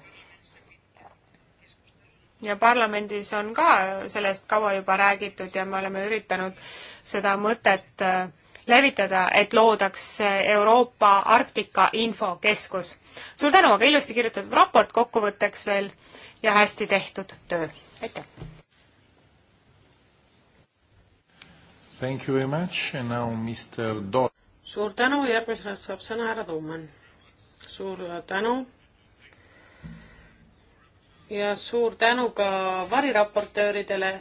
ja parlamendis on ka sellest kaua juba räägitud ja me oleme üritanud seda mõtet äh, levitada, et loodaks Euroopa Arktika Infokeskus. suur tänu, aga ilusti kirjutatud raport kokkuvõtteks veel ja hästi tehtud töö, aitäh! Thank you very much and now Mr Do-. suur tänu, järgmisena saab sõna härra Tuumann. suur tänu ja suur tänu ka variraportööridele.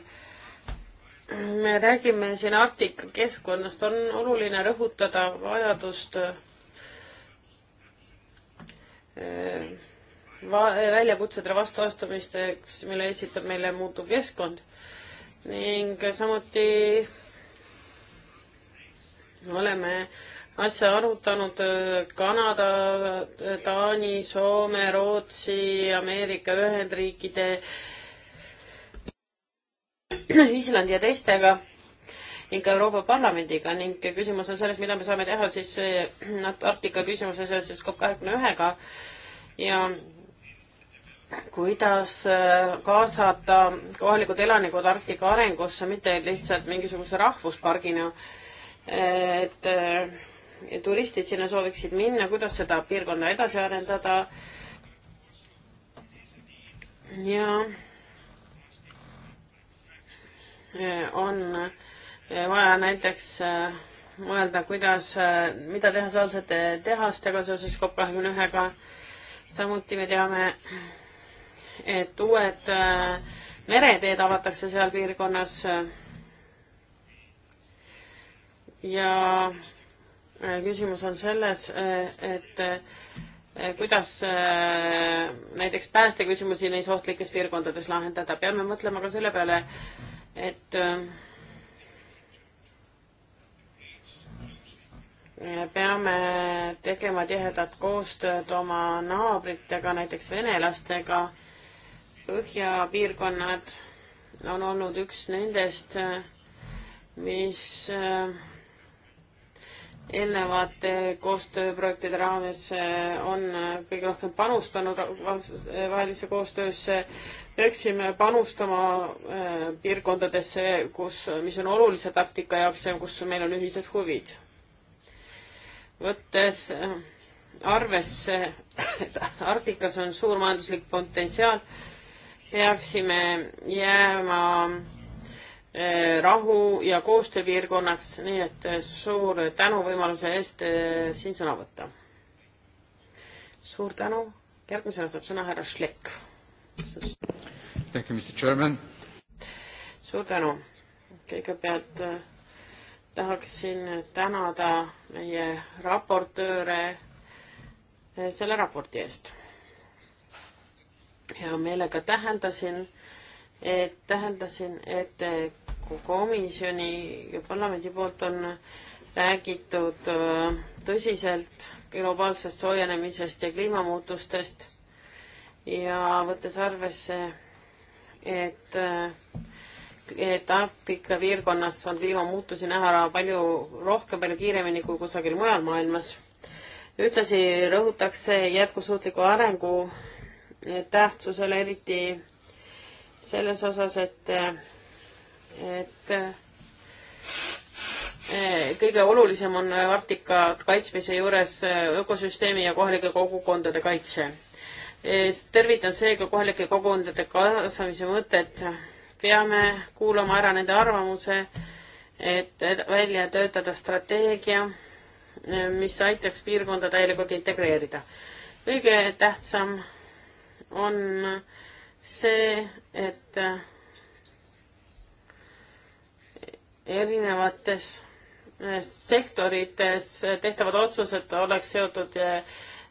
me räägime siin Arktika keskkonnast, on oluline rõhutada vajadust äh, va-, väljakutsedele vastuastumisteks, mille esitab meile muutuv keskkond ning samuti oleme asja arutanud äh, Kanada, äh, Taani, Soome, Rootsi, Ameerika Ühendriikide, Islandi ja teistega ning ka Euroopa Parlamendiga ning küsimus on selles, mida me saame teha siis äh, Arktika küsimuse seoses COP kahekümne ühega ja kuidas kaasata kohalikud elanikud Arktika arengusse, mitte lihtsalt mingisuguse rahvuspargina, et turistid sinna sooviksid minna, kuidas seda piirkonda edasi arendada. ja e, on e, vaja näiteks e, mõelda, kuidas, mida teha sealsete tehastega seoses COP kahekümne ühega. samuti me teame, et uued mereteed avatakse seal piirkonnas. ja Äh, küsimus on selles, äh, et äh, kuidas näiteks päästeküsimusi neis ohtlikes piirkondades lahendada, peame mõtlema ka selle peale, et peame tegema tihedat koostööd oma naabritega, näiteks venelastega. põhjapiirkonnad on olnud üks nendest, mis äh, eelnevate koostööprojektide raames eh, on eh, kõige rohkem panustanud eh, vahelisse koostöösse, peaksime panustama piirkondadesse, kus, mis on olulised Arktika jaoks ja kus meil on ühised huvid. võttes arvesse, et Arktikas on suur majanduslik potentsiaal, peaksime jääma Eh, rahu- ja koostööpiirkonnaks, nii et eh, suur tänu võimaluse eest eh, siin sõna võtta. suur tänu, järgmisena saab sõna härra Šlek. suur tänu, kõigepealt tahaksin tänada meie raportööre selle raporti eest. hea meelega täheldasin, et täheldasin, et ettepaneku nagu komisjoni ja parlamendi poolt on räägitud äh, tõsiselt globaalsest soojenemisest ja kliimamuutustest ja võttes arvesse, et, äh, et Arktika piirkonnas on kliimamuutusi näha palju rohkem, palju kiiremini kui kusagil mujal maailmas. ühtlasi rõhutakse jätkusuutliku arengu tähtsusele, eriti selles osas, et äh, et eh, kõige olulisem on Arktika kaitsmise juures eh, ökosüsteemi ja kohalike kogukondade kaitse. Eh, tervitan seega kohalike kogukondade kaasamise mõtet. peame kuulama ära nende arvamuse, et välja töötada strateegia, mis aitaks piirkonda täielikult integreerida. kõige tähtsam on see, et erinevates eh, sektorites tehtavad otsused oleks seotud eh,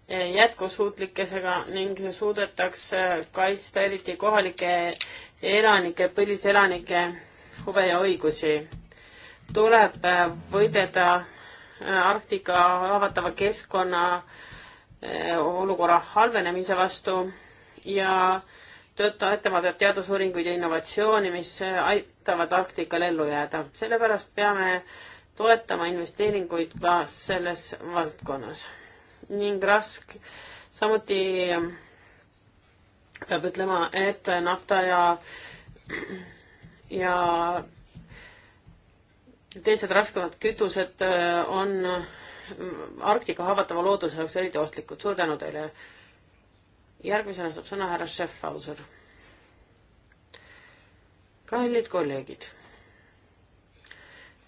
eh, jätkusuutlikkusega ning suudetaks kaitsta eriti kohalike elanike, põliselanike huve ja õigusi. tuleb võidelda Arktika haavatava keskkonna olukorra halvenemise vastu ja töötajatama peab teadusuuringuid ja innovatsiooni, mis suudavad Arktikal ellu jääda. sellepärast peame toetama investeeringuid ka selles valdkonnas. ning Rask samuti peab ütlema, et nafta ja, ja teised raskemad kütused äh, on äh, Arktika haavatava looduse jaoks eriti ohtlikud. suur tänu teile. järgmisena saab sõna härra Schaffhauser kallid kolleegid,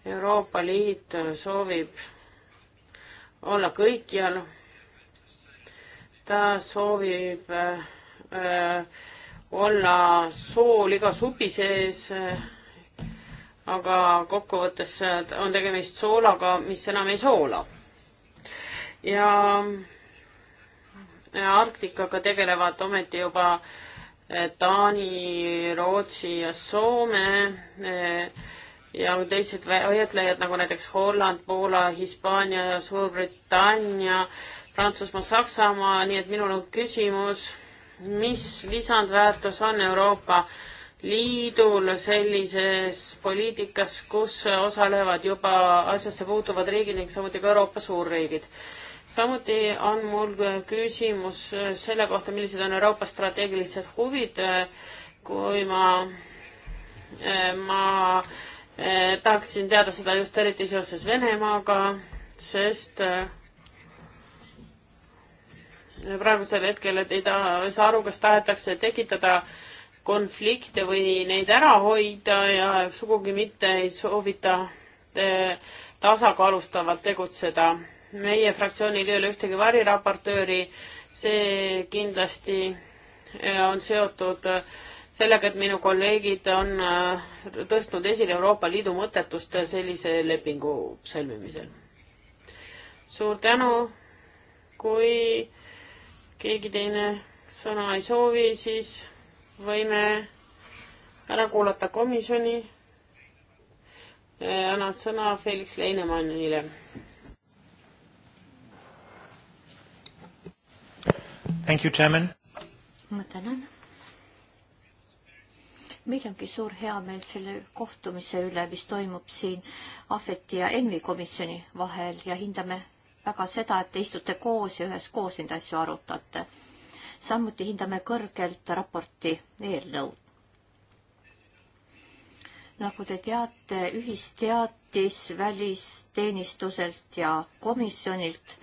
Euroopa Liit soovib olla kõikjal. ta soovib äh, olla sool iga supi sees äh,, aga kokkuvõttes äh, on tegemist soolaga, mis enam ei soola. ja Arktikaga tegelevad ometi juba äh, Taani, Rootsi ja Soome eh, ja teised väitlejad nagu näiteks Holland, Poola, Hispaania, Suurbritannia, Prantsusmaa, Saksamaa, nii et minul on küsimus, mis lisandväärtus on Euroopa Liidul sellises poliitikas, kus osalevad juba asjasse puutuvad riigid ning samuti ka Euroopa suurriigid samuti on mul küsimus selle kohta, millised on Euroopa strateegilised huvid, kui ma, eh, ma eh, tahaksin teada seda just eriti seoses Venemaaga, sest eh, praegusel hetkel, et ei ta-, ei saa aru, kas tahetakse tekitada konflikte või neid ära hoida ja sugugi mitte ei soovita tasakaalustavalt tegutseda meie fraktsioonil ei ole ühtegi variraportööri, see kindlasti äh, on seotud äh, sellega, et minu kolleegid on äh, tõstnud esile Euroopa Liidu mõttetust sellise lepingu sõlmimisel. suur tänu, kui keegi teine sõna ei soovi, siis võime ära kuulata komisjoni. annan sõna Felix Leinemannile Thank you, Chairman. ma tänan. meil ongi suur heameel selle kohtumise üle, mis toimub siin Ahveti ja ENVI komisjoni vahel ja hindame väga seda, et te istute koos ja üheskoos neid asju arutate. samuti hindame kõrgelt raporti eelnõu. nagu te teate, ühisteatis välisteenistuselt ja komisjonilt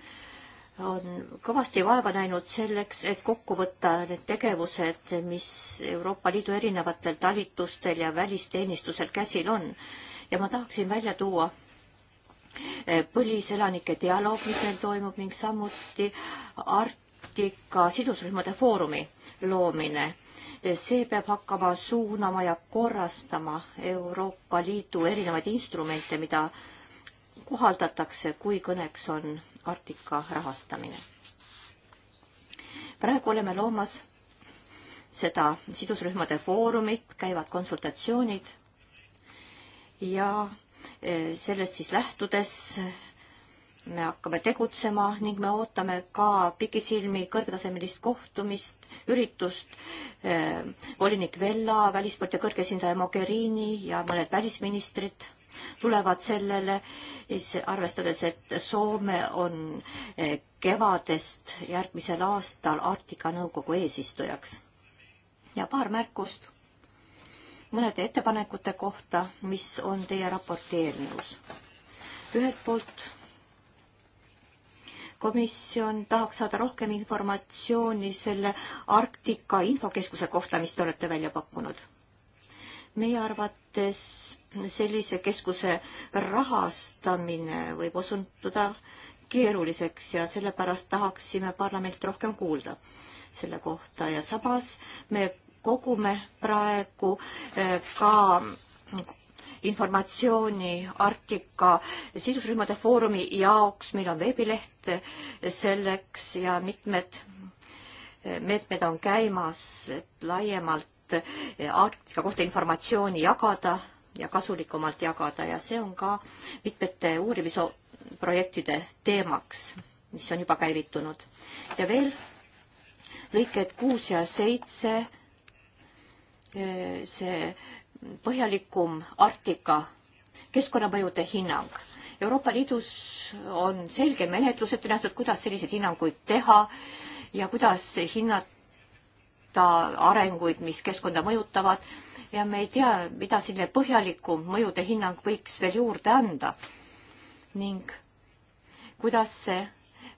on kõvasti vaeva näinud selleks, et kokku võtta need tegevused, mis Euroopa Liidu erinevatel talitustel ja välisteenistusel käsil on. ja ma tahaksin välja tuua eh, põliselanike dialoog, mis meil toimub ning samuti Arktika sidusrühmade foorumi loomine. Eh, see peab hakkama suunama ja korrastama Euroopa Liidu erinevaid instrumente, mida kohaldatakse, kui kõneks on Arktika rahastamine. praegu oleme loomas seda sidusrühmade foorumit, käivad konsultatsioonid ja e, sellest siis lähtudes me hakkame tegutsema ning me ootame ka pikisilmi kõrgetasemelist kohtumist, üritust eh,, volinik Vella, välispoolt ja kõrgesindaja Mogherini ja mõned välisministrid tulevad sellele, siis arvestades, et Soome on eh, kevadest järgmisel aastal Arktika Nõukogu eesistujaks. ja paar märkust mõnede ettepanekute kohta, mis on teie raporti eelnõus. ühelt poolt komisjon tahaks saada rohkem informatsiooni selle Arktika infokeskuse kohta, mis te olete välja pakkunud. meie arvates sellise keskuse rahastamine võib osunduda keeruliseks ja sellepärast tahaksime parlamendilt rohkem kuulda selle kohta ja samas me kogume praegu eh, ka informatsiooni Arktika sidusrühmade foorumi jaoks, meil on veebileht selleks ja mitmed eh, meetmed on käimas, et laiemalt Arktika kohta informatsiooni jagada ja kasulikumalt jagada ja see on ka mitmete uurimisprojektide teemaks, mis on juba käivitunud. ja veel lõiked kuus ja seitse, eh, see põhjalikum Arktika keskkonnamõjude hinnang. Euroopa Liidus on selge menetlus ette nähtud, kuidas selliseid hinnanguid teha ja kuidas hinnata arenguid, mis keskkonda mõjutavad ja me ei tea, mida selline põhjalikum mõjude hinnang võiks veel juurde anda ning kuidas see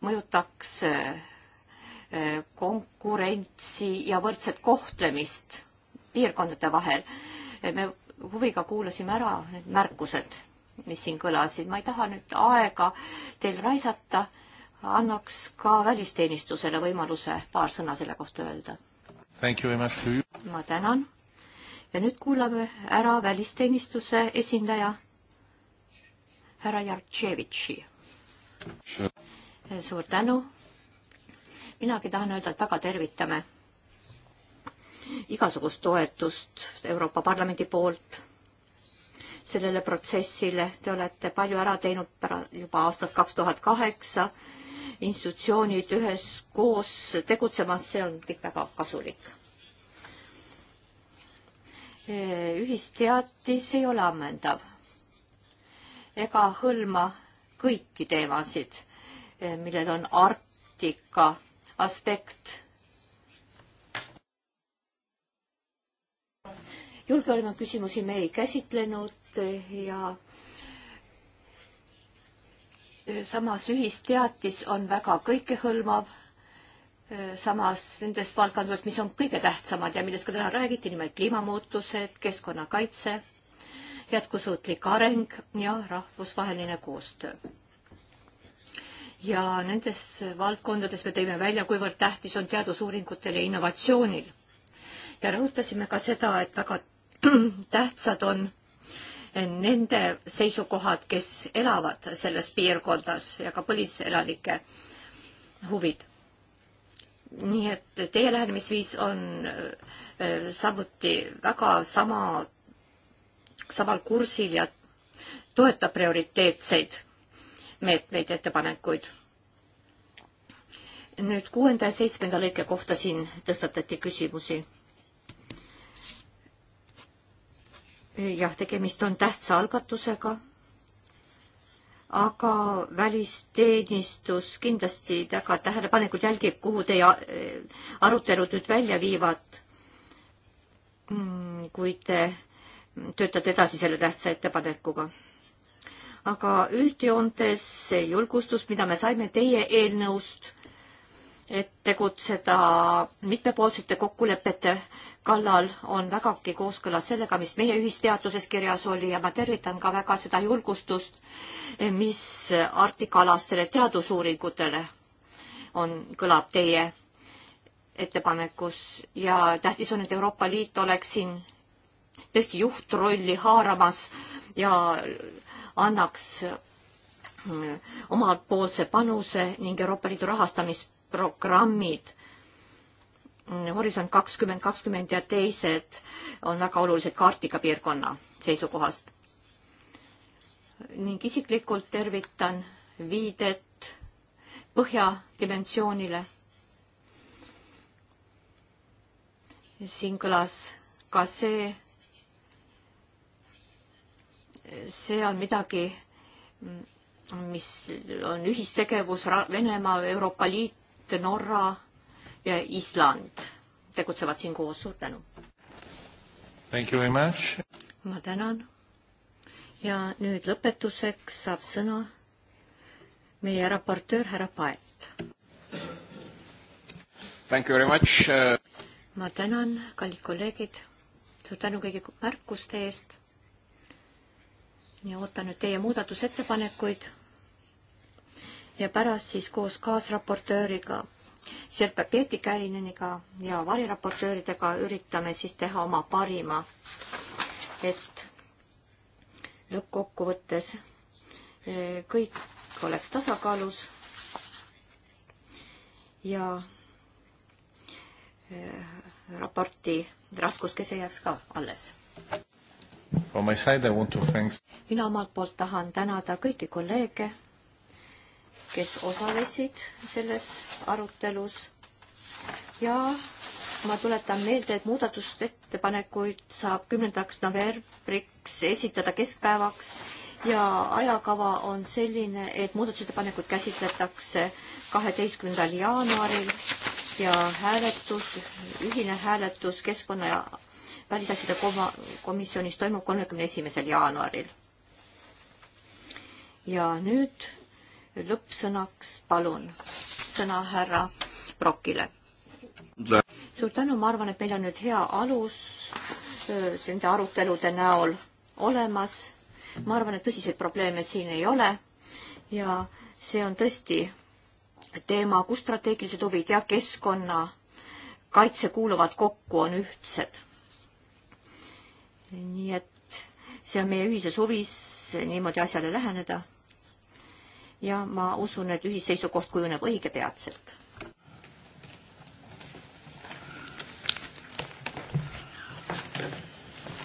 mõjutaks eh, konkurentsi ja võrdset kohtlemist piirkondade vahel. me huviga kuulasime ära need märkused, mis siin kõlasid. ma ei taha nüüd aega teil raisata, annaks ka välisteenistusele võimaluse paar sõna selle kohta öelda ma tänan. ja nüüd kuulame ära välisteenistuse esindaja härra Jartševitši. suur tänu. minagi tahan öelda, et väga tervitame igasugust toetust Euroopa Parlamendi poolt sellele protsessile. Te olete palju ära teinud juba aastast kaks tuhat kaheksa institutsioonid üheskoos tegutsemas, see on kõik väga kasulik. ühisteatis ei ole ammendav ega hõlma kõiki teemasid, millel on Arktika aspekt. julgeolekuküsimusi me ei käsitlenud ja äh, samas ühisteatis on väga kõikehõlmav, äh, samas nendest valdkondadest, mis on kõige tähtsamad ja millest ka täna räägiti, nimelt kliimamuutused, keskkonnakaitse, jätkusuutlik areng ja rahvusvaheline koostöö. ja nendes valdkondades me tõime välja, kuivõrd tähtis on teadusuuringutel ja innovatsioonil. ja rõhutasime ka seda, et väga tähtsad on nende seisukohad, kes elavad selles piirkondas ja ka põliselanike huvid. nii et teie lähenemisviis on äh, samuti väga sama, samal kursil ja toetab prioriteetseid meetmeid, ettepanekuid nüüd kuuenda ja seitsmenda lõike kohta siin tõstatati küsimusi. jah, tegemist on tähtsa algatusega, aga välisteenistus kindlasti väga tähelepanelikult jälgib, kuhu teie eh, arutelud nüüd välja viivad, mm, kui te töötate edasi selle tähtsa ettepanekuga. aga üldjoontes see julgustus, mida me saime teie eelnõust, et tegutseda mitmepoolsete kokkulepete kallal on vägagi kooskõlas sellega, mis meie ühisteaduses kirjas oli ja ma tervitan ka väga seda julgustust, mis artikalastele teadusuuringutele on, kõlab teie ettepanekus ja tähtis on, et Euroopa Liit oleks siin tõesti juhtrolli haaramas ja annaks mm, omapoolse panuse ning Euroopa Liidu rahastamisprogrammid Horisont kakskümmend kakskümmend ja teised on väga olulised kaartiga piirkonna seisukohast. ning isiklikult tervitan viidet põhja dimensioonile. siin kõlas ka see, see on midagi, mis on ühistegevus Venemaa, Euroopa Liit, Norra ja Island tegutsevad siin koos, suur tänu! ma tänan ja nüüd lõpetuseks saab sõna meie raportöör härra Paet. Uh, ma tänan, kallid kolleegid, suur tänu kõigi märkuste eest ja ootan nüüd teie muudatusettepanekuid ja pärast siis koos kaasraportööriga Sirpe Pietikäineniga ja variraportööridega üritame siis teha oma parima, et lõppkokkuvõttes eh, kõik oleks tasakaalus ja eh, raporti raskuskese jääks ka alles. mina omalt poolt tahan tänada kõiki kolleege kes osalesid selles arutelus ja ma tuletan meelde, et muudatusettepanekuid saab kümnendaks novembriks esitada keskpäevaks ja ajakava on selline, et muudatusettepanekud käsitletakse kaheteistkümnendal jaanuaril ja hääletus, ühine hääletus keskkonna ja välisasjade komisjonis toimub kolmekümne esimesel jaanuaril. ja nüüd lõppsõnaks palun sõna härra Brokile. suur tänu, ma arvan, et meil on nüüd hea alus nende arutelude näol olemas. ma arvan, et tõsiseid probleeme siin ei ole ja see on tõesti teema, kus strateegilised huvid ja keskkonnakaitse kuuluvad kokku, on ühtsed. nii et see on meie ühises huvis niimoodi asjale läheneda ja ma usun, et ühisseisukoht kujuneb õige peatselt.